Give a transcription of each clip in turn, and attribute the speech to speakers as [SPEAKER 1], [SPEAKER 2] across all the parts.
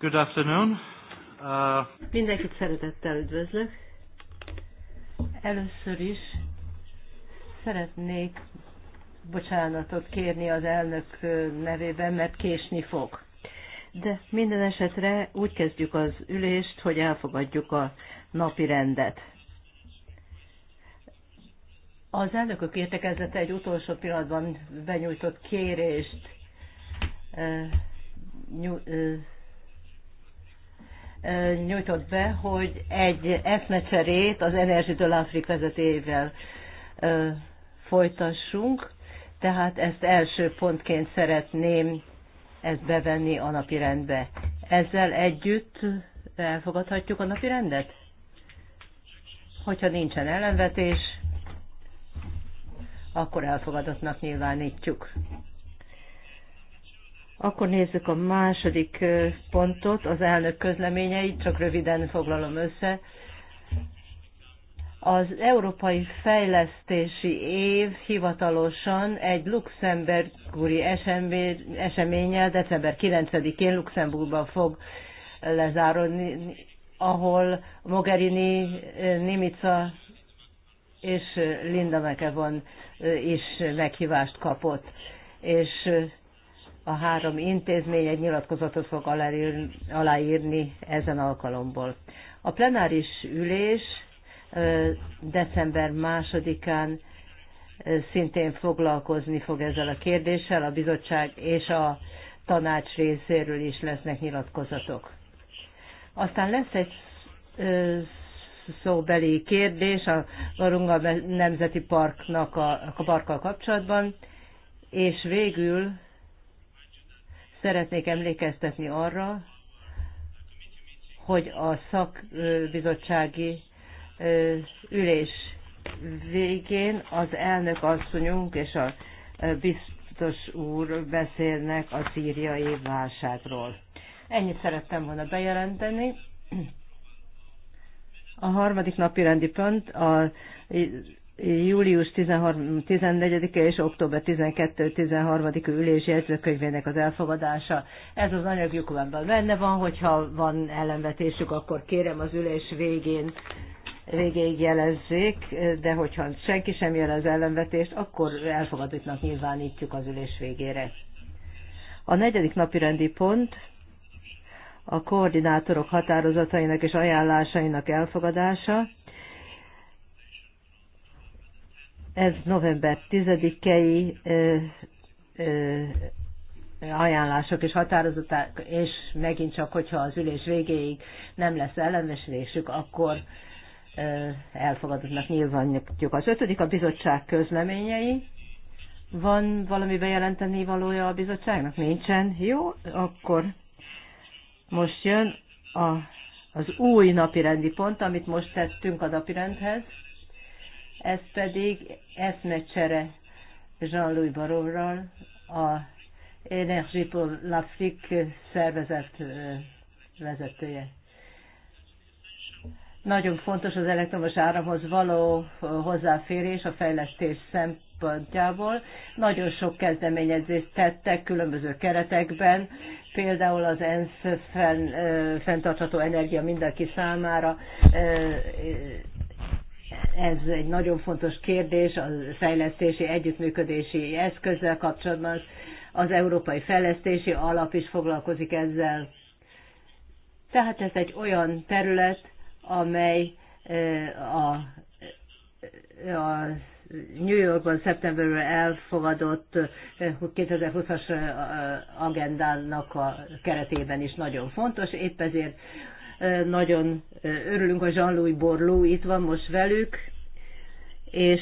[SPEAKER 1] Good afternoon. Uh...
[SPEAKER 2] Mindenkit szeretettel üdvözlök. Először is szeretnék bocsánatot kérni az elnök nevében, mert késni fog. De minden esetre úgy kezdjük az ülést, hogy elfogadjuk a napi rendet. Az elnökök értekezete egy utolsó pillanatban benyújtott kérést uh, nyú, uh, nyújtott be, hogy egy eszmecserét az Energy de Afrik vezetével folytassunk, tehát ezt első pontként szeretném ezt bevenni a napirendbe. Ezzel együtt elfogadhatjuk a napirendet? Hogyha nincsen ellenvetés, akkor elfogadottnak nyilvánítjuk. Akkor nézzük a második pontot, az elnök közleményeit, csak röviden foglalom össze. Az Európai Fejlesztési Év hivatalosan egy luxemburgi eseménnyel december 9-én Luxemburgban fog lezárodni, ahol Mogherini, Nimica és Linda McEwan is meghívást kapott. És a három intézmény egy nyilatkozatot fog aláírni ezen alkalomból. A plenáris ülés december másodikán szintén foglalkozni fog ezzel a kérdéssel, a bizottság és a tanács részéről is lesznek nyilatkozatok. Aztán lesz egy szóbeli kérdés a Varunga Nemzeti Parknak a, a parkkal kapcsolatban, és végül Szeretnék emlékeztetni arra, hogy a szakbizottsági ülés végén az elnök asszonyunk és a biztos úr beszélnek a szíriai válságról. Ennyit szerettem volna bejelenteni. A harmadik napi rendi pont a július 14-e és október 12-13-a ülés jegyzőkönyvének az elfogadása. Ez az anyag dokumentben benne van, hogyha van ellenvetésük, akkor kérem az ülés végén végéig jelezzék, de hogyha senki sem jelez ellenvetést, akkor elfogadottnak nyilvánítjuk az ülés végére. A negyedik napi rendi pont a koordinátorok határozatainak és ajánlásainak elfogadása Ez november 10-i ajánlások és határozatok, és megint csak, hogyha az ülés végéig nem lesz ellenveslésük, akkor elfogadottnak nyilvánítjuk. Az ötödik a bizottság közleményei. Van valami bejelenteni valója a bizottságnak? Nincsen. Jó, akkor most jön a, az új napirendi pont, amit most tettünk a napirendhez ez pedig eszmecsere Jean-Louis Barorral, a Energie pour l'Afrique szervezet vezetője. Nagyon fontos az elektromos áramhoz való hozzáférés a fejlesztés szempontjából. Nagyon sok kezdeményezést tettek különböző keretekben, például az ENSZ fenn, fenntartható energia mindenki számára ez egy nagyon fontos kérdés a fejlesztési együttműködési eszközzel kapcsolatban. Az Európai Fejlesztési Alap is foglalkozik ezzel. Tehát ez egy olyan terület, amely eh, a, eh, a New Yorkban szeptemberben elfogadott 2020-as eh, agendának a keretében is nagyon fontos, épp ezért nagyon örülünk, hogy Jean-Louis Borló itt van most velük, és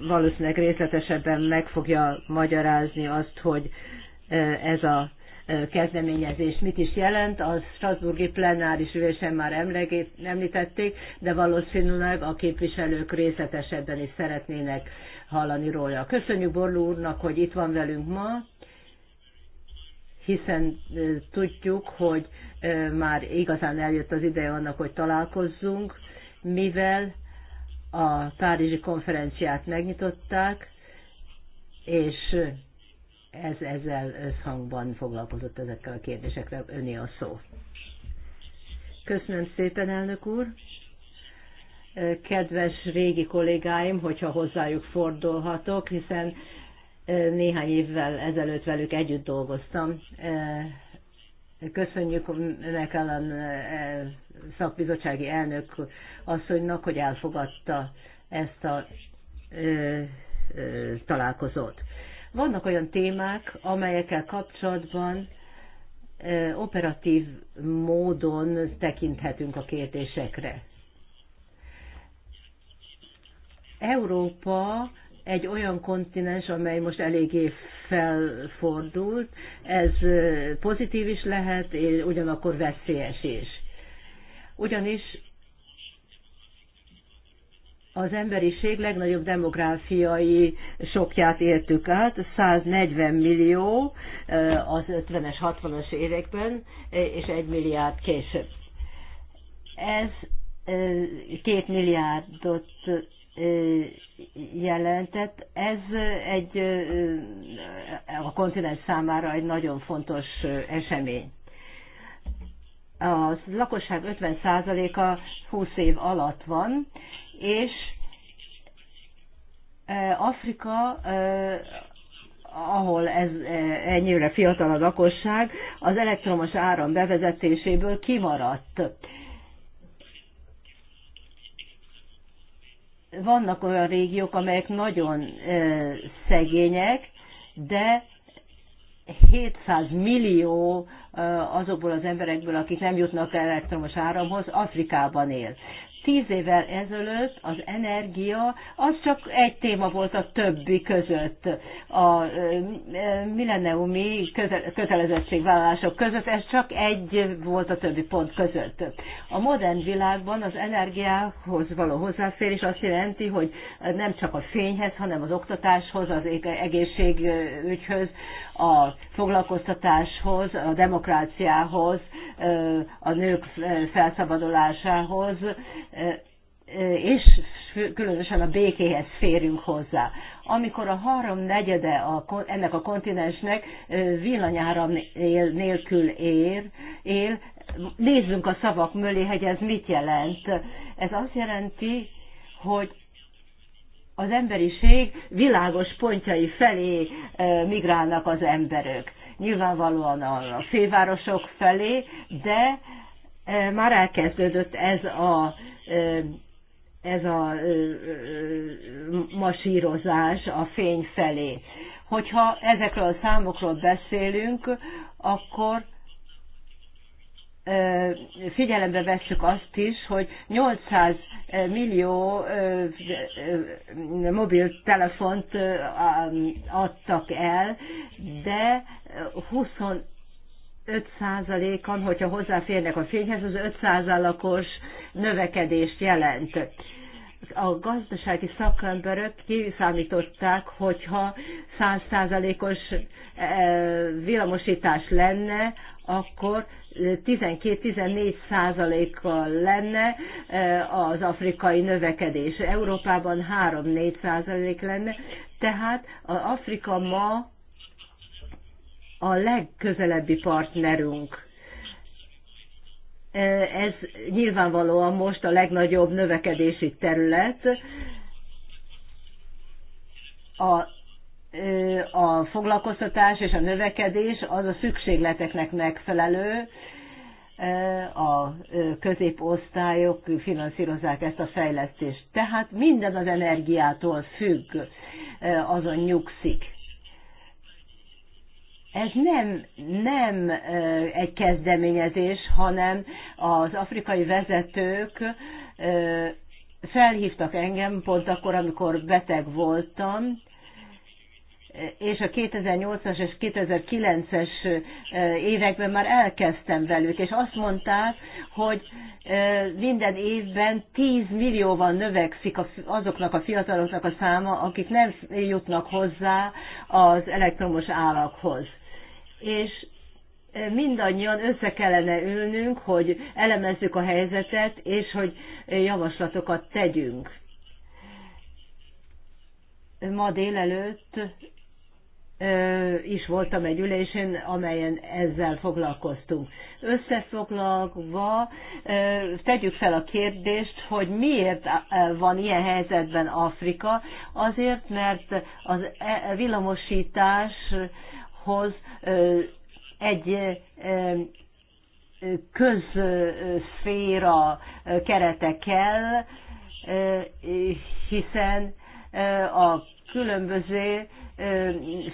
[SPEAKER 2] valószínűleg részletesebben meg fogja magyarázni azt, hogy ez a kezdeményezés mit is jelent. A Strasburgi plenáris ülésen már említették, de valószínűleg a képviselők részletesebben is szeretnének hallani róla. Köszönjük Borló úrnak, hogy itt van velünk ma, hiszen tudjuk, hogy már igazán eljött az ideje annak, hogy találkozzunk, mivel a Párizsi konferenciát megnyitották, és ez ezzel összhangban foglalkozott ezekkel a kérdésekkel öné a szó. Köszönöm szépen, elnök úr! Kedves régi kollégáim, hogyha hozzájuk fordulhatok, hiszen néhány évvel ezelőtt velük együtt dolgoztam. Köszönjük Mekellen szakbizottsági elnök asszonynak, hogy elfogadta ezt a találkozót. Vannak olyan témák, amelyekkel kapcsolatban operatív módon tekinthetünk a kérdésekre. Európa egy olyan kontinens, amely most eléggé felfordult, ez pozitív is lehet, és ugyanakkor veszélyes is. Ugyanis az emberiség legnagyobb demográfiai sokját értük át, 140 millió az 50-es, 60-as években, és 1 milliárd később. Ez 2 milliárdot jelentett. Ez egy a kontinens számára egy nagyon fontos esemény. A lakosság 50%-a 20 év alatt van, és Afrika, ahol ez ennyire fiatal a lakosság, az elektromos áram bevezetéséből kimaradt vannak olyan régiók, amelyek nagyon szegények, de 700 millió azokból az emberekből, akik nem jutnak el elektromos áramhoz, Afrikában él tíz évvel ezelőtt az energia az csak egy téma volt a többi között. A milleniumi kötelezettségvállalások között ez csak egy volt a többi pont között. A modern világban az energiához való hozzáférés azt jelenti, hogy nem csak a fényhez, hanem az oktatáshoz, az egészségügyhöz, a foglalkoztatáshoz, a demokráciához, a nők felszabadulásához, és különösen a békéhez férünk hozzá. Amikor a három negyede a, ennek a kontinensnek él, nélkül ér, él, nézzünk a szavak mögé, hogy ez mit jelent. Ez azt jelenti, hogy az emberiség világos pontjai felé migrálnak az emberek. Nyilvánvalóan a fővárosok felé, de már elkezdődött ez a ez a masírozás a fény felé. Hogyha ezekről a számokról beszélünk, akkor figyelembe vesszük azt is, hogy 800 millió mobiltelefont adtak el, de 20. 5%-an, hogyha hozzáférnek a fényhez, az 5%-os növekedést jelent. A gazdasági szakemberek kiszámították, hogyha 100%-os e, villamosítás lenne, akkor 12-14%-kal lenne e, az afrikai növekedés. Európában 3-4% lenne, tehát az Afrika ma a legközelebbi partnerünk. E, ez nyilvánvalóan most a legnagyobb növekedési terület. A, e, a foglalkoztatás és a növekedés az a szükségleteknek megfelelő, e, a középosztályok finanszírozzák ezt a fejlesztést. Tehát minden az energiától függ, azon nyugszik. Ez nem, nem egy kezdeményezés, hanem az afrikai vezetők felhívtak engem pont akkor, amikor beteg voltam, és a 2008-as és 2009-es években már elkezdtem velük, és azt mondták, hogy minden évben 10 millióval növekszik azoknak a fiataloknak a száma, akik nem jutnak hozzá az elektromos állakhoz és e, mindannyian össze kellene ülnünk, hogy elemezzük a helyzetet, és hogy e, javaslatokat tegyünk. Ma délelőtt e, is voltam egy ülésén, amelyen ezzel foglalkoztunk. Összefoglalva tegyük fel a kérdést, hogy miért van ilyen helyzetben Afrika. Azért, mert az villamosítás hoz egy közszféra kerete kell, hiszen a különböző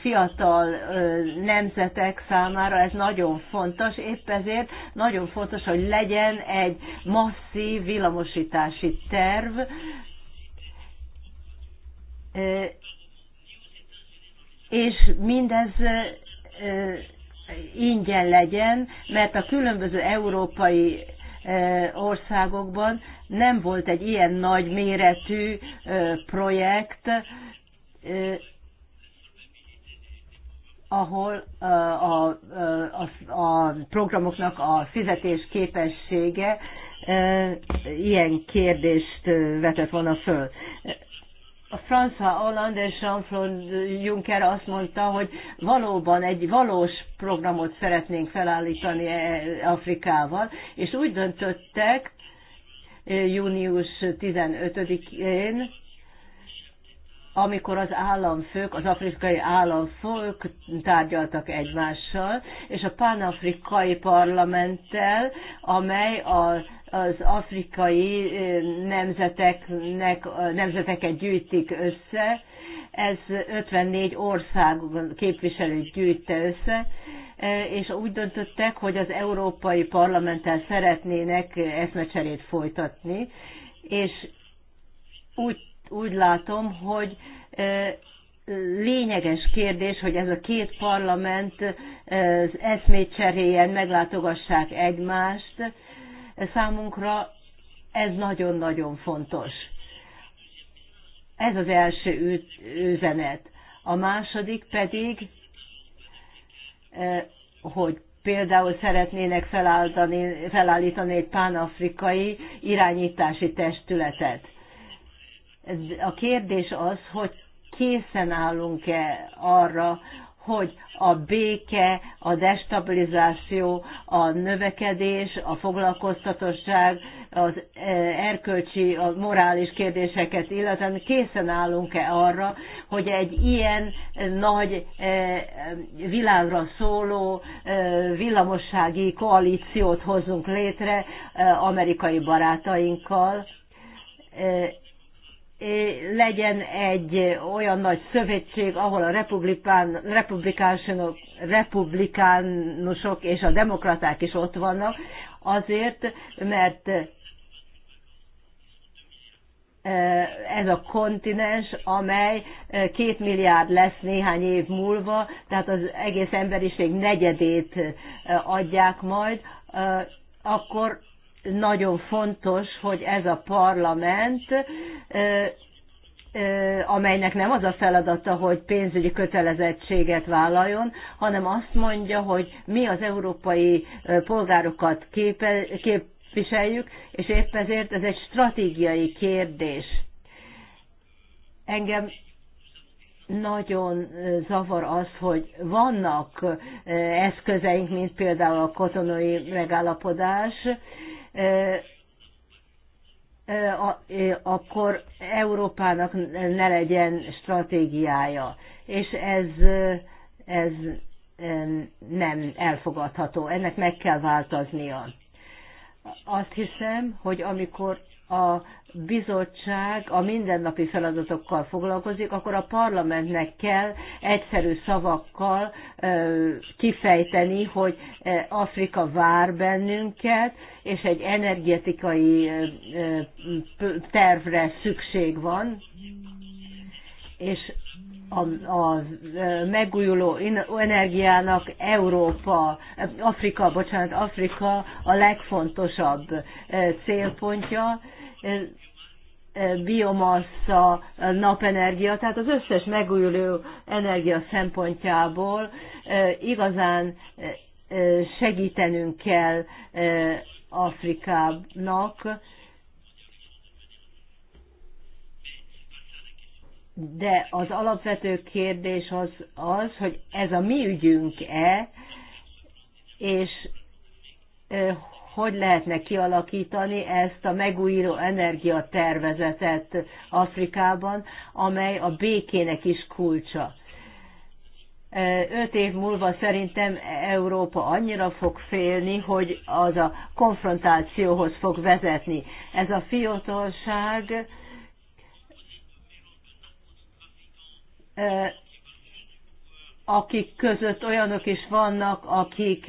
[SPEAKER 2] fiatal nemzetek számára ez nagyon fontos, épp ezért nagyon fontos, hogy legyen egy masszív villamosítási terv, és mindez ingyen legyen, mert a különböző európai országokban nem volt egy ilyen nagy méretű projekt, ahol a, a, a, a programoknak a fizetés képessége ilyen kérdést vetett volna föl a François Hollande és Jean-Claude Juncker azt mondta, hogy valóban egy valós programot szeretnénk felállítani e, Afrikával, és úgy döntöttek e, június 15-én, amikor az államfők, az afrikai államfők tárgyaltak egymással, és a pánafrikai parlamenttel, amely a az afrikai nemzeteknek, nemzeteket gyűjtik össze. Ez 54 ország képviselőt gyűjtte össze, és úgy döntöttek, hogy az Európai Parlamenttel szeretnének eszmecserét folytatni, és úgy, úgy látom, hogy lényeges kérdés, hogy ez a két parlament eszmét cseréljen, meglátogassák egymást, Számunkra ez nagyon-nagyon fontos. Ez az első üzenet. A második pedig, e, hogy például szeretnének felállítani, egy pánafrikai irányítási testületet. A kérdés az, hogy készen állunk-e arra, hogy a béke, a destabilizáció, a növekedés, a foglalkoztatottság, az e, erkölcsi, a morális kérdéseket illetően készen állunk-e arra, hogy egy ilyen nagy e, világra szóló e, villamossági koalíciót hozzunk létre amerikai barátainkkal, legyen egy olyan nagy szövetség, ahol a republikán, republikánusok, republikánusok és a demokraták is ott vannak, azért, mert ez a kontinens, amely két milliárd lesz néhány év múlva, tehát az egész emberiség negyedét adják majd, akkor nagyon fontos, hogy ez a parlament, amelynek nem az a feladata, hogy pénzügyi kötelezettséget vállaljon, hanem azt mondja, hogy mi az európai polgárokat képe, képviseljük, és épp ezért ez egy stratégiai kérdés. Engem nagyon zavar az, hogy vannak eszközeink, mint például a kotonai megállapodás, akkor Európának ne legyen stratégiája. És ez, ez nem elfogadható, ennek meg kell változnia. Azt hiszem, hogy amikor a bizottság a mindennapi feladatokkal foglalkozik, akkor a parlamentnek kell egyszerű szavakkal kifejteni, hogy Afrika vár bennünket, és egy energetikai tervre szükség van, és a, a megújuló energiának Európa, Afrika, bocsánat, Afrika a legfontosabb célpontja, biomassa, napenergia, tehát az összes megújuló energia szempontjából igazán segítenünk kell Afrikának, de az alapvető kérdés az az, hogy ez a mi ügyünk-e, és hogy lehetne kialakítani ezt a megújuló energiatervezetet Afrikában, amely a békének is kulcsa. Öt év múlva szerintem Európa annyira fog félni, hogy az a konfrontációhoz fog vezetni. Ez a fiatalság akik között olyanok is vannak, akik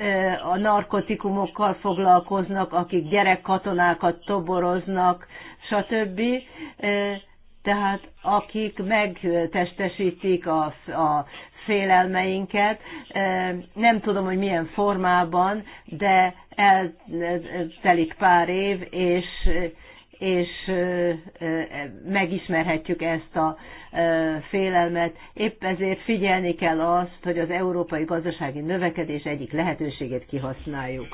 [SPEAKER 2] E, a narkotikumokkal foglalkoznak, akik gyerekkatonákat toboroznak, stb. E, tehát akik megtestesítik a, a félelmeinket, e, nem tudom, hogy milyen formában, de eltelik pár év, és és e, megismerhetjük ezt a félelmet. Épp ezért figyelni kell azt, hogy az európai gazdasági növekedés egyik lehetőségét kihasználjuk.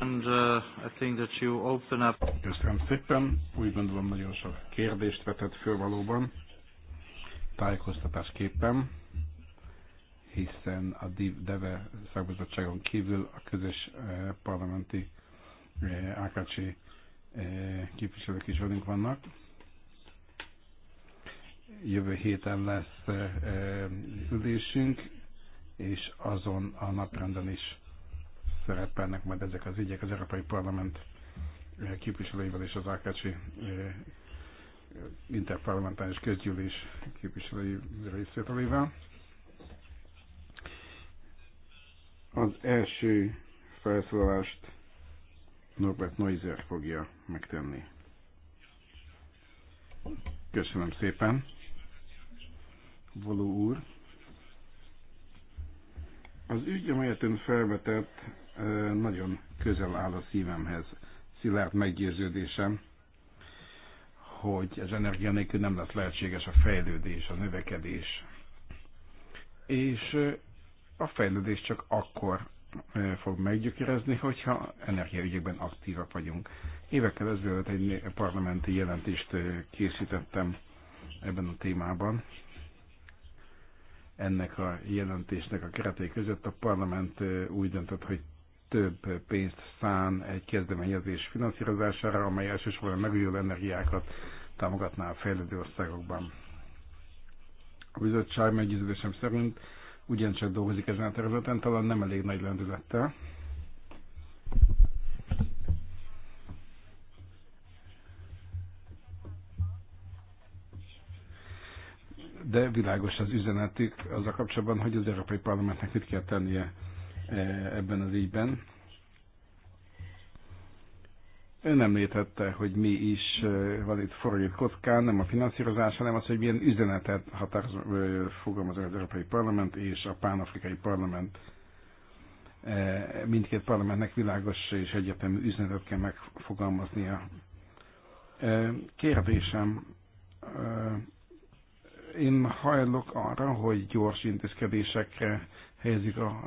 [SPEAKER 1] And, uh, I think that you open up... Köszönöm szépen. Úgy gondolom nagyon sok kérdést vetett föl valóban tájékoztatásképpen, hiszen a DEVE szakbizottságon kívül a közös eh, parlamenti AKC eh, Eh, képviselők is velünk vannak. Jövő héten lesz eh, ülésünk, és azon a naprenden is szerepelnek majd ezek az ügyek az Európai Parlament eh, képviselőivel és az Ákácsi interparlamentális közgyűlés képviselői részvételével. Az első felszólalást Norbert Neuser fogja megtenni. Köszönöm szépen. Való úr. Az ügy, amelyet ön felvetett, nagyon közel áll a szívemhez. Szilárd meggyőződésem, hogy az energia nélkül nem lesz lehetséges a fejlődés, a növekedés. És a fejlődés csak akkor fog meggyökerezni, hogyha energiaügyekben aktívak vagyunk. Évekkel ezelőtt egy parlamenti jelentést készítettem ebben a témában. Ennek a jelentésnek a keretei között a parlament úgy döntött, hogy több pénzt szán egy kezdeményezés finanszírozására, amely elsősorban megújuló energiákat támogatná a fejlődő országokban. A bizottság meggyőződésem szerint ugyancsak dolgozik ezen a területen, talán nem elég nagy lendülettel. de világos az üzenetük az a kapcsolatban, hogy az Európai Parlamentnek mit kell tennie eh, ebben az ígyben. Ön említette, hogy mi is van itt forró kockán, nem a finanszírozás, hanem az, hogy milyen üzenetet határoz, fogalmaz az Európai Parlament és a Pánafrikai Parlament. E, mindkét parlamentnek világos és egyetemű üzenetet kell megfogalmaznia. E, kérdésem, én hajlok arra, hogy gyors intézkedésekre helyezik a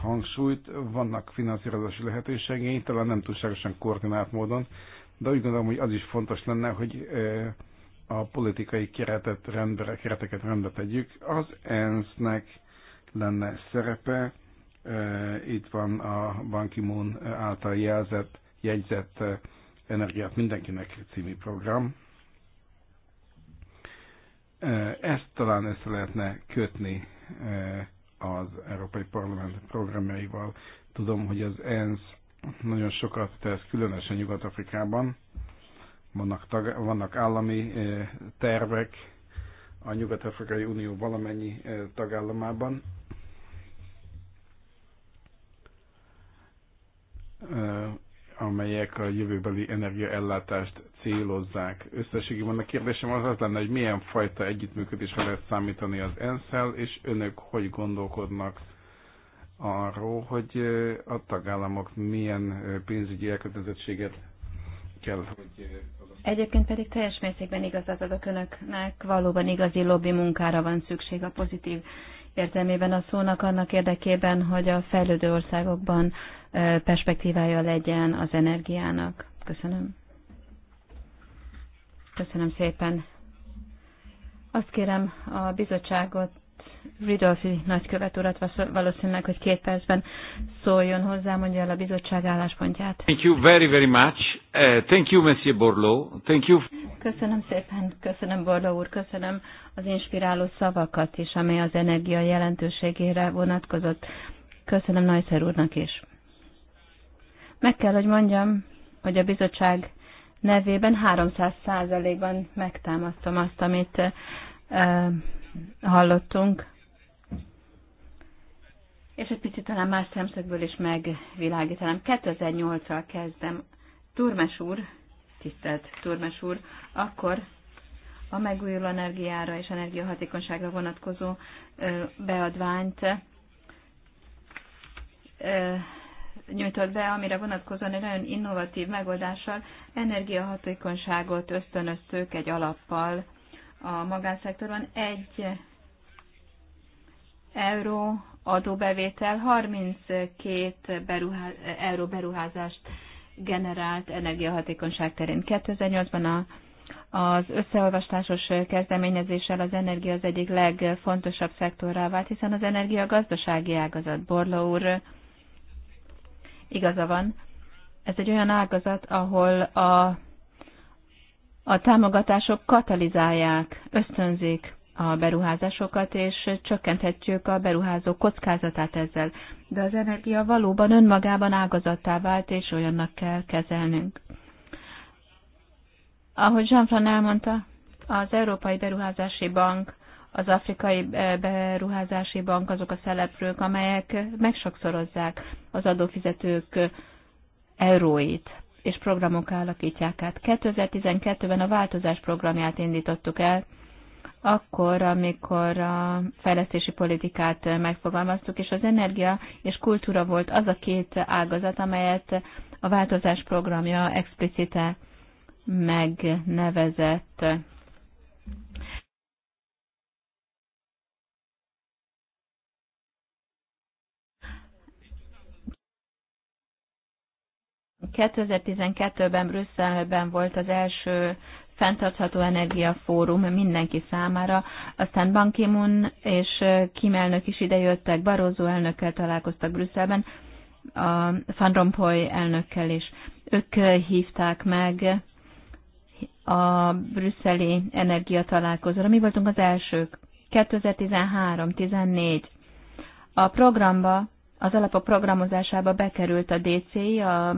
[SPEAKER 1] hangsúlyt, vannak finanszírozási lehetőségei, talán nem túlságosan koordinált módon, de úgy gondolom, hogy az is fontos lenne, hogy eh, a politikai keretet rendbe, kereteket rendbe tegyük. Az ENSZ-nek lenne szerepe, eh, itt van a Ban ki által jelzett, jegyzett eh, energiát mindenkinek című program. Ezt talán össze lehetne kötni az Európai Parlament programjaival. Tudom, hogy az ENSZ nagyon sokat tesz, különösen Nyugat-Afrikában. Vannak, tag, vannak állami eh, tervek a Nyugat-Afrikai Unió valamennyi eh, tagállamában. Eh, amelyek a jövőbeli energiaellátást célozzák. Összességében a kérdésem az az lenne, hogy milyen fajta együttműködésre lehet számítani az ensz és önök hogy gondolkodnak arról, hogy a tagállamok milyen pénzügyi elkötelezettséget kell, hogy...
[SPEAKER 3] Egyébként pedig teljes mértékben igazat adok önöknek, valóban igazi lobby munkára van szükség a pozitív értelmében a szónak annak érdekében, hogy a fejlődő országokban perspektívája legyen az energiának. Köszönöm. Köszönöm szépen. Azt kérem a bizottságot, Ridolfi nagykövet urat valószínűleg, hogy két percben szóljon hozzá, mondja el a bizottság álláspontját.
[SPEAKER 1] Thank you very, very much. Uh, thank you, Monsieur Borló. Thank you.
[SPEAKER 3] Köszönöm szépen, köszönöm Borló úr, köszönöm az inspiráló szavakat is, amely az energia jelentőségére vonatkozott. Köszönöm Najszer úrnak is. Meg kell, hogy mondjam, hogy a bizottság nevében 300 százalékban megtámasztom azt, amit e, hallottunk. És egy picit talán más szemszögből is megvilágítanám. 2008-al kezdem. Turmes úr, tisztelt Turmes úr, akkor a megújuló energiára és energiahatékonyságra vonatkozó beadványt nyújtott be, amire vonatkozóan egy nagyon innovatív megoldással energiahatékonyságot ösztönöztük egy alappal a magánszektorban. Egy euró adóbevétel 32 beruház, euró beruházást generált energiahatékonyság terén. 2008-ban a az összeolvastásos kezdeményezéssel az energia az egyik legfontosabb szektorrá vált, hiszen az energia gazdasági ágazat. Borla úr Igaza van, ez egy olyan ágazat, ahol a, a támogatások katalizálják, ösztönzik a beruházásokat, és csökkenthetjük a beruházó kockázatát ezzel. De az energia valóban önmagában ágazattá vált, és olyannak kell kezelnünk. Ahogy Jean-Fran elmondta, az Európai Beruházási Bank az Afrikai eh, Beruházási Bank azok a szereplők, amelyek megsokszorozzák az adófizetők eh, euróit és programok alakítják át. 2012-ben a változás programját indítottuk el, akkor, amikor a fejlesztési politikát eh, megfogalmaztuk, és az energia és kultúra volt az a két ágazat, amelyet a változás programja explicite megnevezett 2012-ben Brüsszelben volt az első fenntartható energiafórum mindenki számára, aztán Ban ki és Kim elnök is idejöttek, Barózó elnökkel találkoztak Brüsszelben, a Van Rompuy elnökkel is. Ők hívták meg a brüsszeli energia Mi voltunk az elsők. 2013-14. A programba az alapok programozásába bekerült a DCI, a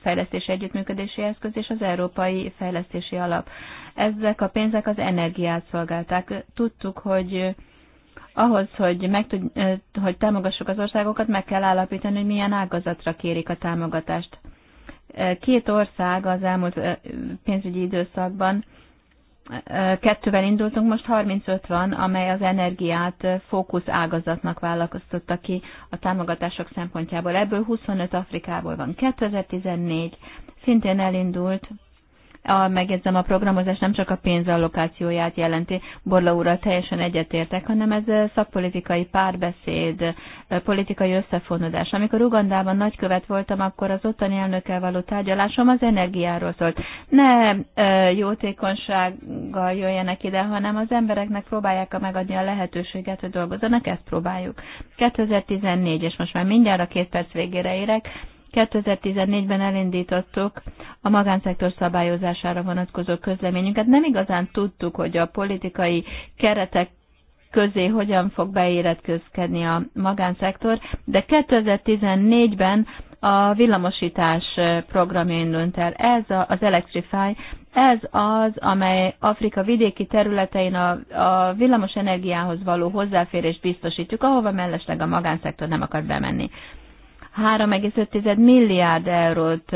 [SPEAKER 3] Fejlesztési Együttműködési Eszköz és az Európai Fejlesztési Alap. Ezek a pénzek az energiát szolgálták. Tudtuk, hogy ahhoz, hogy, meg tud, hogy támogassuk az országokat, meg kell állapítani, hogy milyen ágazatra kérik a támogatást. Két ország az elmúlt pénzügyi időszakban kettővel indultunk, most 35 van, amely az energiát fókusz ágazatnak választotta ki a támogatások szempontjából. Ebből 25 Afrikából van. 2014 szintén elindult a, megjegyzem, a programozás nem csak a pénzallokációját jelenti, Borla úrral teljesen egyetértek, hanem ez eh, szakpolitikai párbeszéd, eh, politikai összefonódás. Amikor Ugandában nagykövet voltam, akkor az ottani elnökkel való tárgyalásom az energiáról szólt. Ne eh, jótékonysággal jöjjenek ide, hanem az embereknek próbálják megadni a lehetőséget, hogy dolgozzanak, ezt próbáljuk. 2014, és most már mindjárt a két perc végére érek, 2014-ben elindítottuk a magánszektor szabályozására vonatkozó közleményünket. Nem igazán tudtuk, hogy a politikai keretek közé hogyan fog beéretkezkedni a magánszektor, de 2014-ben a villamosítás programja indult el. Ez a, az Electrify, ez az, amely Afrika vidéki területein a, a villamos energiához való hozzáférést biztosítjuk, ahova mellesleg a magánszektor nem akar bemenni. 3,5 milliárd eurót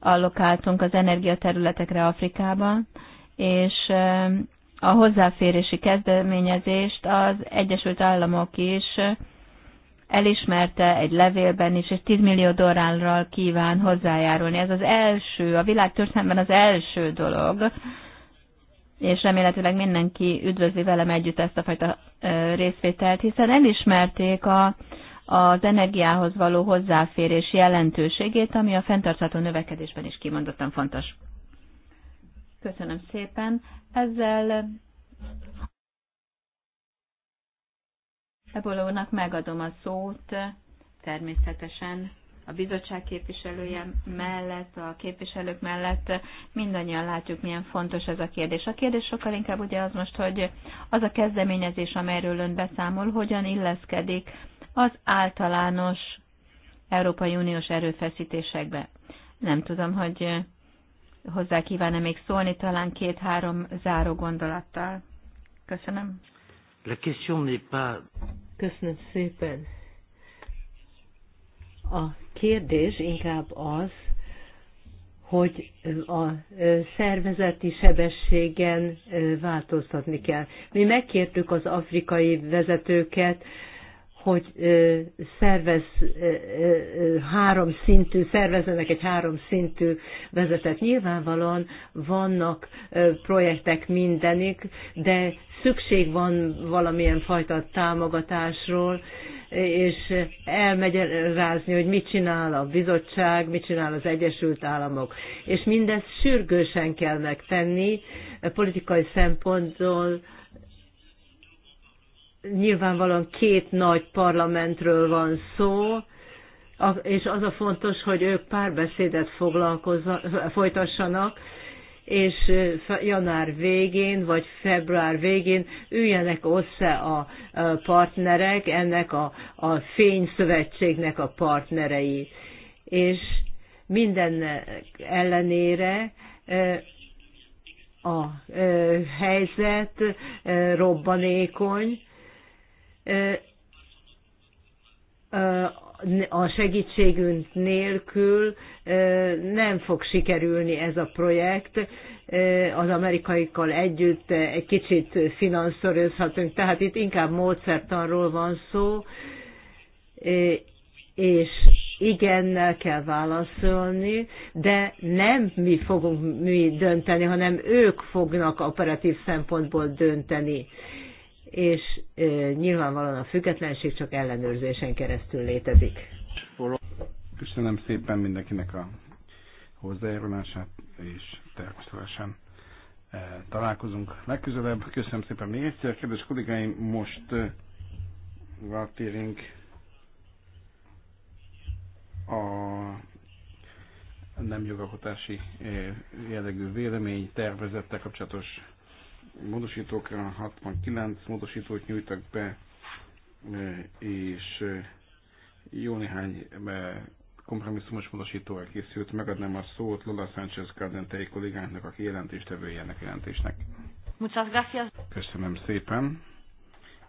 [SPEAKER 3] allokáltunk az energiaterületekre Afrikában, és a hozzáférési kezdeményezést az Egyesült Államok is elismerte egy levélben is, és 10 millió dollárral kíván hozzájárulni. Ez az első, a világ történelemben az első dolog, és remélhetőleg mindenki üdvözli velem együtt ezt a fajta részvételt, hiszen elismerték a, az energiához való hozzáférés jelentőségét, ami a fenntartható növekedésben is kimondottan fontos. Köszönöm szépen. Ezzel Ebolónak megadom a szót, természetesen a bizottság képviselője mellett, a képviselők mellett mindannyian látjuk, milyen fontos ez a kérdés. A kérdés sokkal inkább ugye az most, hogy az a kezdeményezés, amelyről ön beszámol, hogyan illeszkedik az általános Európai Uniós erőfeszítésekbe. Nem tudom, hogy hozzá kíván -e még szólni, talán két-három záró gondolattal.
[SPEAKER 2] Köszönöm. La question n'est pas... Köszönöm szépen. A kérdés inkább az, hogy a szervezeti sebességen változtatni kell. Mi megkértük az afrikai vezetőket, hogy szervez három szintű, szervezzenek egy három szintű vezetet. Nyilvánvalóan vannak projektek mindenik, de szükség van valamilyen fajta támogatásról, és rázni hogy mit csinál a bizottság, mit csinál az Egyesült Államok. És mindezt sürgősen kell megtenni politikai szempontból, nyilvánvalóan két nagy parlamentről van szó, és az a fontos, hogy ők párbeszédet folytassanak, és január végén vagy február végén üljenek össze a partnerek, ennek a, a fényszövetségnek a partnerei. És minden ellenére a helyzet robbanékony, a segítségünk nélkül nem fog sikerülni ez a projekt. Az amerikaikkal együtt egy kicsit finanszírozhatunk, tehát itt inkább módszertanról van szó, és igennel kell válaszolni, de nem mi fogunk mi dönteni, hanem ők fognak operatív szempontból dönteni és nyilvánvalóan a függetlenség csak ellenőrzésen keresztül létezik.
[SPEAKER 1] Köszönöm szépen mindenkinek a hozzájárulását, és természetesen találkozunk legközelebb. Köszönöm szépen még egyszer, kedves kollégáim, most rátérünk a nem jogalkotási jellegű vélemény tervezettel kapcsolatos módosítókra 69 módosítót nyújtak be, e, és e, jó néhány e, kompromisszumos módosító elkészült. Megadnám a szót Lola Sánchez Cardentei kollégánknak, aki jelentéstevője ennek jelentésnek.
[SPEAKER 2] Muchas gracias.
[SPEAKER 1] Köszönöm szépen.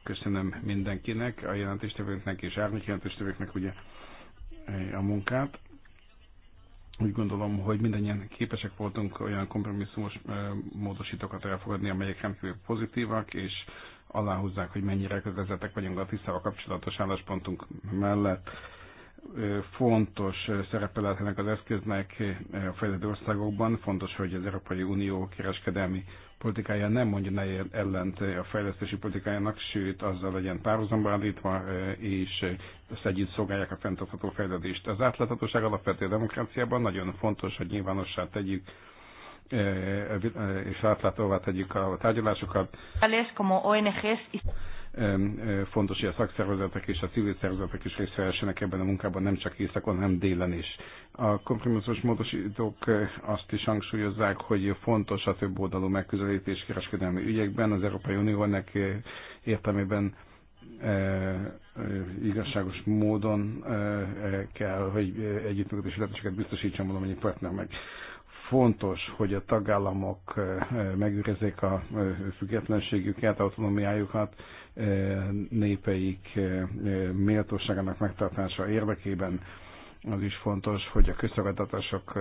[SPEAKER 1] Köszönöm mindenkinek, a jelentéstevőknek és árnyék jelentéstevőknek ugye a munkát. Úgy gondolom, hogy mindannyian képesek voltunk olyan kompromisszumos módosítókat elfogadni, amelyek rendkívül pozitívak, és aláhúzzák, hogy mennyire közvezetek vagyunk a tisztával kapcsolatos álláspontunk mellett. Fontos szerepe az eszköznek a fejlődő országokban, fontos, hogy az Európai Unió kereskedelmi politikája nem mondja ne ellent a fejlesztési politikájának, sőt azzal legyen párhuzamba állítva, és együtt szolgálják a fenntartható fejlődést. Az átláthatóság alapvető demokráciában nagyon fontos, hogy nyilvánossá tegyük és átlátóvá tegyük a tárgyalásokat. Fontos, hogy a szakszervezetek és a civil szervezetek is részt vehessenek ebben a munkában, nem csak éjszakon, hanem délen is. A kompromisszós módosítók azt is hangsúlyozzák, hogy fontos a több oldalú megközelítés kereskedelmi ügyekben, az Európai Unió ennek értelmében igazságos módon kell, hogy együttműködési lehetőséget biztosítson valamennyi meg. Fontos, hogy a tagállamok megőrizzék a függetlenségüket, autonómiájukat, E, népeik e, e, méltóságának megtartása érdekében az is fontos, hogy a közszolgáltatások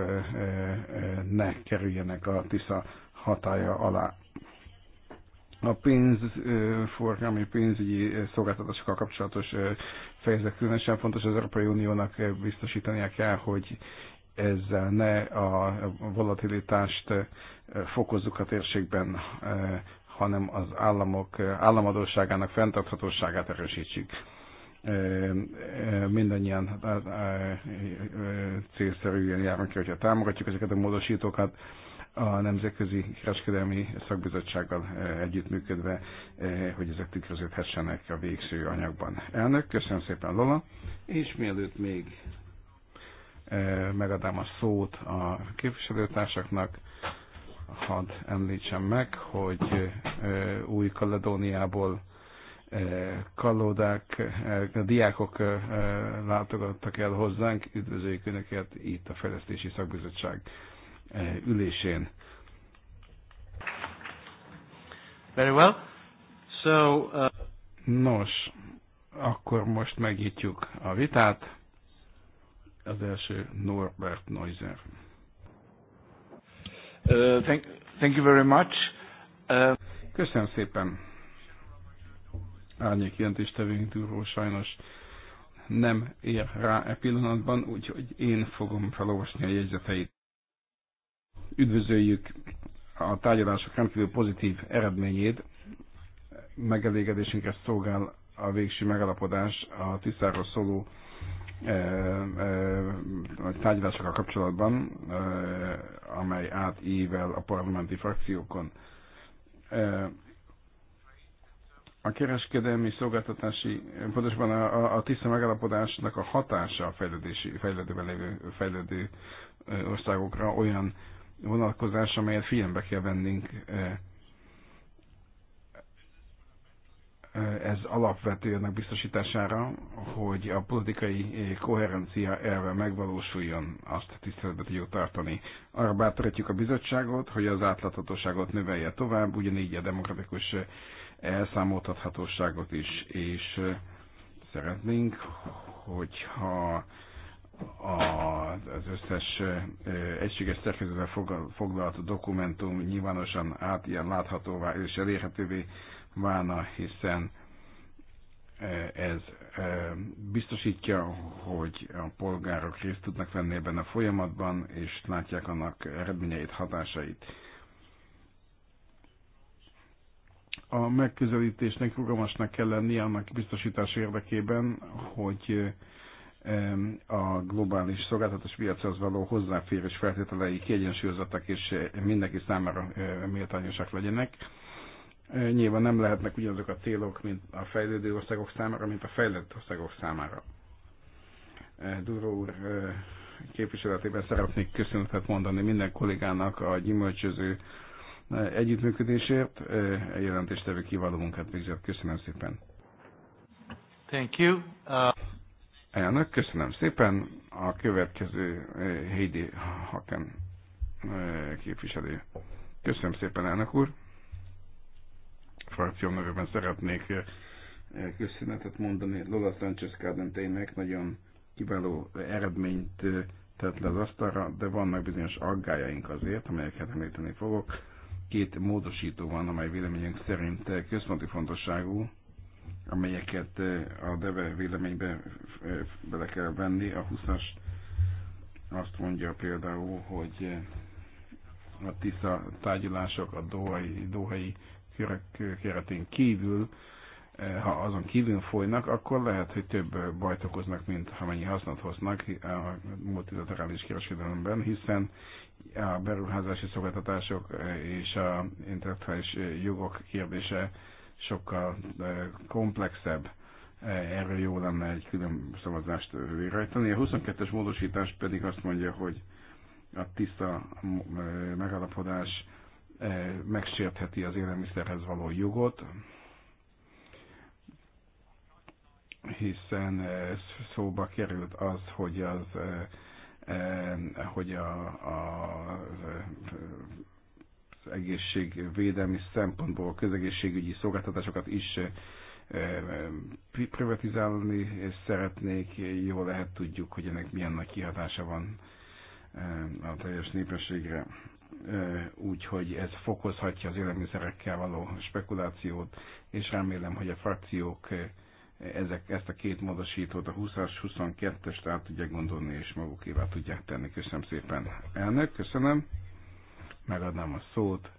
[SPEAKER 1] ne kerüljenek a TISZA hatája alá. A pénzforgalmi pénzügyi szolgáltatásokkal kapcsolatos fejezet különösen fontos, az Európai Uniónak biztosítania kell, hogy ezzel ne a volatilitást fokozzuk a térségben, hanem az államok eh, államadóságának fenntarthatóságát erősítsük. Eh, eh, mindannyian célszerűen járunk ki, hogyha támogatjuk ezeket a módosítókat, a Nemzetközi Kereskedelmi Szakbizottsággal együttműködve, hogy ezek tükröződhessenek a végső anyagban. Elnök, köszönöm szépen Lola, és mielőtt még megadám a szót a képviselőtársaknak, hadd említsem meg, hogy Új-Kaledóniából kalódák, diákok látogattak el hozzánk, üdvözöljük Önöket itt a Fejlesztési Szakbizottság ülésén. Very well. So, uh... Nos, akkor most megnyitjuk a vitát. Az első Norbert Neuser. Uh, thank, thank you very much. Uh... Köszönöm szépen. Árnyék jelentést túlról sajnos nem ér rá e pillanatban, úgyhogy én fogom felolvasni a jegyzeteit. Üdvözöljük a tárgyalások rendkívül pozitív eredményét. Megelégedésünkre szolgál a végső megalapodás a Tiszáról szóló tárgyalásokkal kapcsolatban, amely átível a parlamenti frakciókon. A kereskedelmi szolgáltatási, pontosabban a, a, a tiszta megállapodásnak a hatása a fejlődési, fejlődőben lévő fejlődő országokra olyan vonatkozás, amelyet figyelembe kell vennünk ez alapvető annak biztosítására, hogy a politikai koherencia elve megvalósuljon, azt tiszteletbe tudjuk tartani. Arra bátorítjuk a bizottságot, hogy az átláthatóságot növelje tovább, ugyanígy a demokratikus elszámoltathatóságot is, és szeretnénk, hogyha az összes egységes szerkezetben foglalt dokumentum nyilvánosan át ilyen láthatóvá és elérhetővé válna, hiszen e, ez e, biztosítja, hogy a polgárok részt tudnak venni ebben a folyamatban, és látják annak eredményeit, hatásait. A megközelítésnek rugalmasnak kell lenni annak biztosítás érdekében, hogy e, a globális szolgáltatás piachoz való hozzáférés feltételei kiegyensúlyozottak és mindenki számára méltányosak legyenek nyilván nem lehetnek ugyanazok a célok, mint a fejlődő országok számára, mint a fejlett országok számára. Eh, Duró úr eh, képviseletében szeretnék köszönetet mondani minden kollégának a gyümölcsöző eh, együttműködésért. A jelentéstevő kiváló munkát végzett. Köszönöm szépen.
[SPEAKER 3] Thank you. Uh...
[SPEAKER 1] Elnök, köszönöm szépen. A következő Heidi Haken képviselő. Köszönöm szépen, elnök úr frakcióm nevében szeretnék eh, köszönetet mondani Lola Sánchez Cárdentének, nagyon kiváló eredményt eh, tett le az asztalra, de vannak bizonyos aggájaink azért, amelyeket említeni fogok. Két módosító van, amely véleményünk szerint eh, központi fontosságú, amelyeket a DEVE véleménybe bele kell venni. A 20-as azt mondja például, hogy a TISZA tárgyalások, a Dohai, Dohai keretén kívül, eh, ha azon kívül folynak, akkor lehet, hogy több bajt okoznak, mint amennyi hasznot hoznak a multilaterális kereskedelemben, hiszen a beruházási szolgáltatások és a intellektuális jogok kérdése sokkal eh, komplexebb. Eh, erről jó lenne egy külön szavazást végrehajtani. A 22-es módosítás pedig azt mondja, hogy a tiszta megállapodás megsértheti az élelmiszerhez való jogot, hiszen szóba került az, hogy az hogy a, a, az egészségvédelmi szempontból közegészségügyi szolgáltatásokat is privatizálni és szeretnék. Jó lehet tudjuk, hogy ennek milyen nagy kihatása van a teljes népességre úgyhogy ez fokozhatja az élelmiszerekkel való spekulációt, és remélem, hogy a frakciók ezek, ezt a két módosítót, a 20-as, 22-est át tudják gondolni, és magukévá tudják tenni. Köszönöm szépen, elnök, köszönöm. Megadnám a szót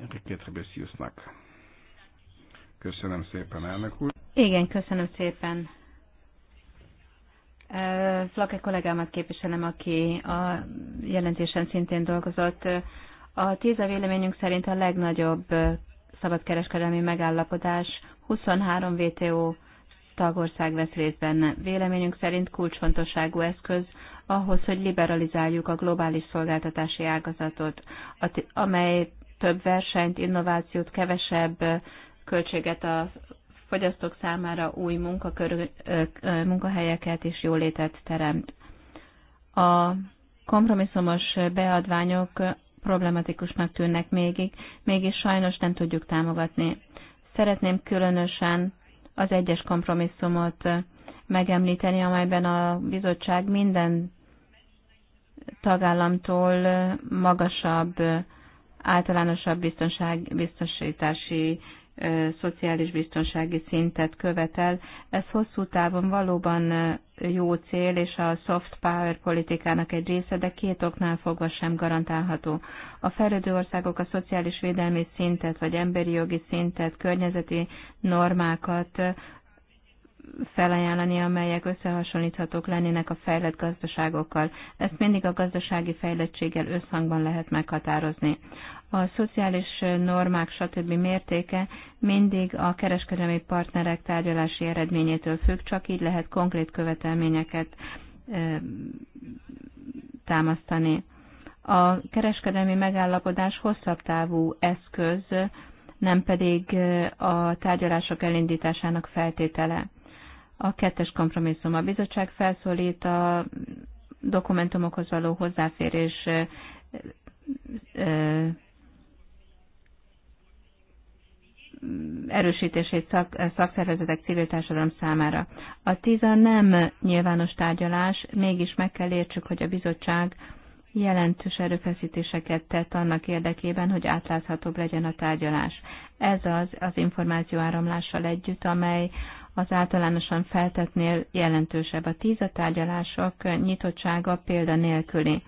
[SPEAKER 1] Enrique Trebesiusnak. Köszönöm szépen, elnök úr.
[SPEAKER 3] Igen, köszönöm szépen, Flake kollégámat képviselem, aki a jelentésen szintén dolgozott. A a véleményünk szerint a legnagyobb szabadkereskedelmi megállapodás 23 WTO tagország vesz részt benne. Véleményünk szerint kulcsfontosságú eszköz ahhoz, hogy liberalizáljuk a globális szolgáltatási ágazatot, amely több versenyt, innovációt, kevesebb költséget a fogyasztók számára új munkakör, munkahelyeket és jólétet teremt. A kompromisszumos beadványok problematikusnak tűnnek mégig, mégis sajnos nem tudjuk támogatni. Szeretném különösen az egyes kompromisszumot megemlíteni, amelyben a bizottság minden tagállamtól magasabb, általánosabb biztonság, biztosítási szociális biztonsági szintet követel. Ez hosszú távon valóban jó cél, és a soft power politikának egy része, de két oknál fogva sem garantálható. A fejlődő országok a szociális védelmi szintet, vagy emberi jogi szintet, környezeti normákat felajánlani, amelyek összehasonlíthatók lennének a fejlett gazdaságokkal. Ezt mindig a gazdasági fejlettséggel összhangban lehet meghatározni a szociális normák, stb. mértéke mindig a kereskedelmi partnerek tárgyalási eredményétől függ, csak így lehet konkrét követelményeket támasztani. A kereskedelmi megállapodás hosszabb távú eszköz, nem pedig a tárgyalások elindításának feltétele. A kettes kompromisszum a bizottság felszólít a dokumentumokhoz való hozzáférés erősítését szak, szakszervezetek civil társadalom számára. A TISA nem nyilvános tárgyalás, mégis meg kell értsük, hogy a bizottság jelentős erőfeszítéseket tett annak érdekében, hogy átláthatóbb legyen a tárgyalás. Ez az az információ áramlással együtt, amely az általánosan feltetnél jelentősebb. A TISA tárgyalások nyitottsága példa nélküli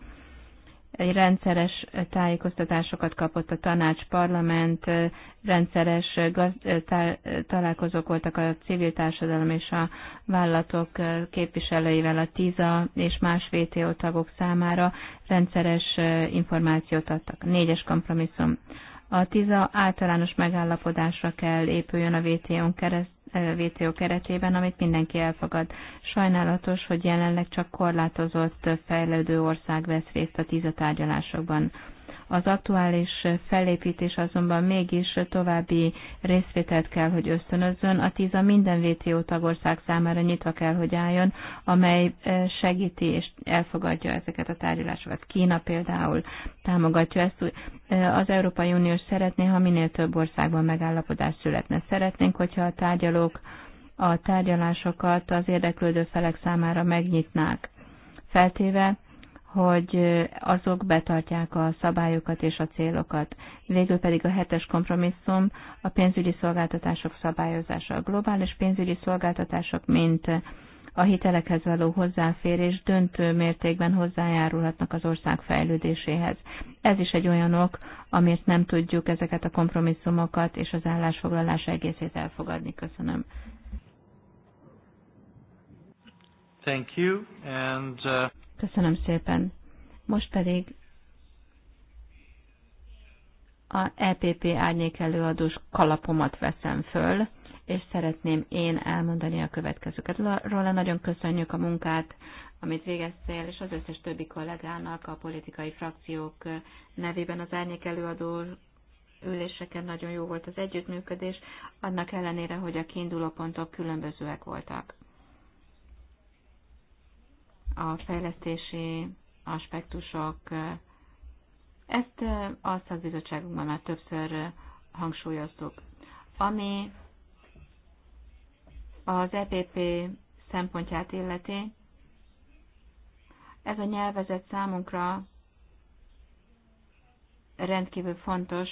[SPEAKER 3] egy rendszeres tájékoztatásokat kapott a tanács, parlament, rendszeres gaz, találkozók voltak a civil társadalom és a vállalatok képviselőivel a TISA és más VTO tagok számára rendszeres információt adtak. Négyes kompromisszum. A TISA általános megállapodásra kell épüljön a VTO-n kereszt, WTO keretében, amit mindenki elfogad. Sajnálatos, hogy jelenleg csak korlátozott fejlődő ország vesz részt a tíz tárgyalásokban. Az aktuális felépítés azonban mégis további részvételt kell, hogy ösztönözzön. A TISA minden WTO tagország számára nyitva kell, hogy álljon, amely eh, segíti és elfogadja ezeket a tárgyalásokat. Kína például támogatja ezt. Eh, az Európai Unió szeretné, ha minél több országban megállapodás születne. Szeretnénk, hogyha a tárgyalók a tárgyalásokat az érdeklődő felek számára megnyitnák. Feltéve, hogy azok betartják a szabályokat és a célokat. Végül pedig a hetes kompromisszum a pénzügyi szolgáltatások szabályozása. A globális pénzügyi szolgáltatások, mint a hitelekhez való hozzáférés döntő mértékben hozzájárulhatnak az ország fejlődéséhez. Ez is egy olyan ok, amért nem tudjuk ezeket a kompromisszumokat és az állásfoglalás egészét elfogadni. Köszönöm.
[SPEAKER 1] Thank you. And, uh...
[SPEAKER 3] Köszönöm szépen. Most pedig a EPP árnyék előadós kalapomat veszem föl, és szeretném én elmondani a következőket. Róla nagyon köszönjük a munkát, amit végeztél, és az összes többi kollégának a politikai frakciók nevében az árnyék előadó üléseken nagyon jó volt az együttműködés, annak ellenére, hogy a kiinduló pontok különbözőek voltak a fejlesztési aspektusok. Ezt a szakbizottságunkban már többször hangsúlyoztuk. Ami az EPP szempontját illeti, ez a nyelvezet számunkra rendkívül fontos,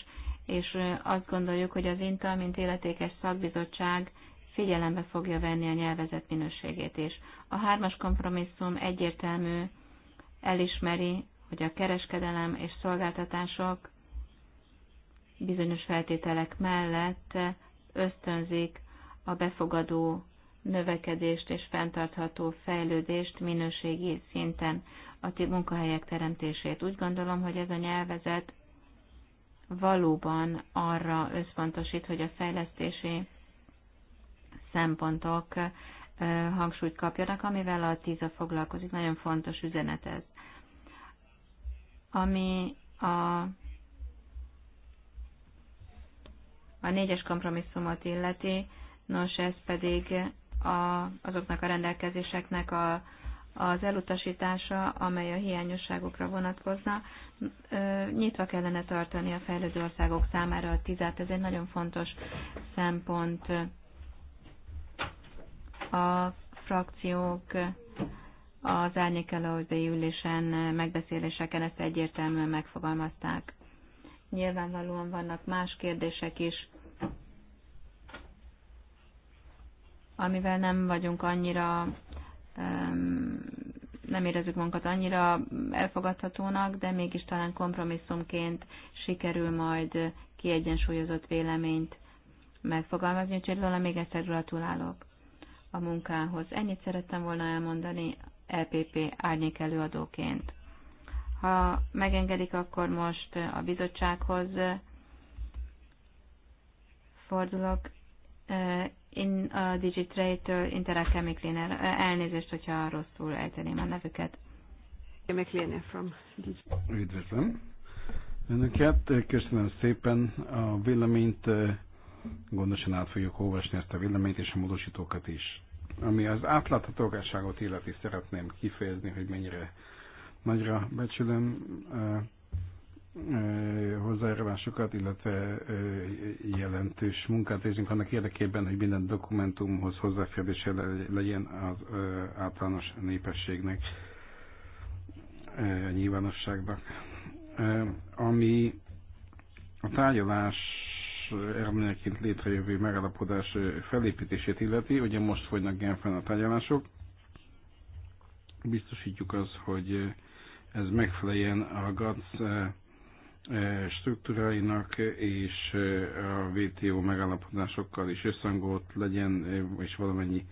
[SPEAKER 3] és azt gondoljuk, hogy az INTA, mint életékes szakbizottság figyelembe fogja venni a nyelvezet minőségét is. A hármas kompromisszum egyértelmű elismeri, hogy a kereskedelem és szolgáltatások bizonyos feltételek mellett ösztönzik a befogadó növekedést és fenntartható fejlődést minőségi szinten a munkahelyek teremtését. Úgy gondolom, hogy ez a nyelvezet valóban arra összpontosít, hogy a fejlesztési szempontok hangsúlyt kapjanak, amivel a TISA foglalkozik. Nagyon fontos üzenet ez. Ami a, a négyes kompromisszumot illeti, nos ez pedig a, azoknak a rendelkezéseknek a, az elutasítása, amely a hiányosságokra vonatkozna. Nyitva kellene tartani a fejlődő országok számára a tizát, ez egy nagyon fontos szempont a frakciók az árnyékelőzői ülésen megbeszéléseken ezt egyértelműen megfogalmazták. Nyilvánvalóan vannak más kérdések is, amivel nem vagyunk annyira, nem érezzük magunkat annyira elfogadhatónak, de mégis talán kompromisszumként sikerül majd kiegyensúlyozott véleményt megfogalmazni, úgyhogy Lola még egyszer gratulálok a munkához. Ennyit szerettem volna elmondani LPP e árnyék előadóként. Ha megengedik, akkor most a bizottsághoz fordulok. In e, a digitrate től Interac Chemicleaner, e, elnézést, hogyha rosszul ejteném a nevüket. Chemicleaner from
[SPEAKER 1] Üdvözlöm Önöket, köszönöm szépen a véleményt Gondosan át fogjuk olvasni ezt a véleményt és a módosítókat is. Ami az átláthatóságot illeti szeretném kifejezni, hogy mennyire nagyra becsülöm hozzájárulásokat, illetve jelentős munkát érzünk annak érdekében, hogy minden dokumentumhoz hozzáférése legyen az általános népességnek, a E, Ami a tárgyalás eredményeként létrejövő megállapodás felépítését illeti. Ugye most folynak Genfen a tárgyalások. Biztosítjuk az, hogy ez megfeleljen a GATS struktúráinak és a WTO megállapodásokkal is összhangolt legyen, és valamennyi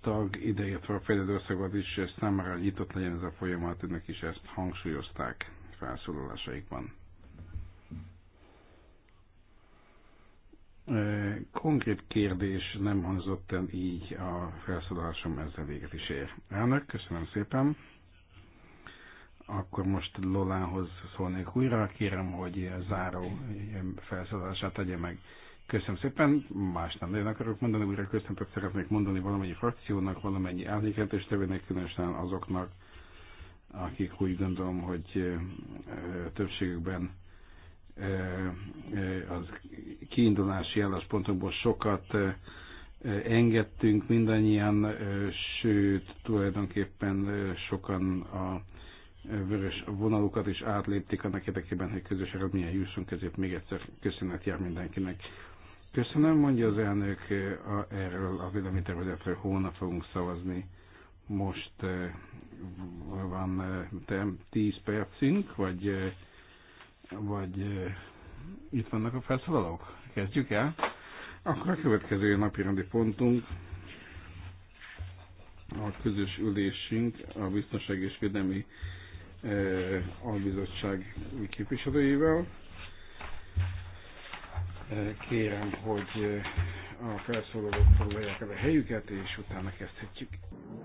[SPEAKER 1] tag, idejét a fejlődő országokat is számára nyitott legyen ez a folyamat, önök is ezt hangsúlyozták felszólalásaikban. konkrét kérdés nem hangzott el így a felszólalásom ezzel véget is ér. Elnök, köszönöm szépen. Akkor most Lolához szólnék újra, kérem, hogy záró felszólalását tegye meg. Köszönöm szépen, más nem nagyon akarok mondani, újra köszönetet szeretnék mondani valamennyi frakciónak, valamennyi tevének, különösen azoknak, akik úgy gondolom, hogy többségükben az kiindulási álláspontokból sokat engedtünk mindannyian, sőt, tulajdonképpen sokan a vörös vonalukat is átlépték annak érdekében, hogy közös eredményen jussunk, ezért még egyszer köszönet jár mindenkinek. Köszönöm, mondja az elnök, a, erről a véleménytervezetről hónap fogunk szavazni. Most van 10 percünk, vagy vagy itt vannak a felszólalók? Kezdjük el. Akkor a következő napi rendi pontunk a közös ülésünk a Biztonság és Védelmi Albizottság képviselőivel. Kérem, hogy a felszólalók foglalják el a helyüket, és utána kezdhetjük.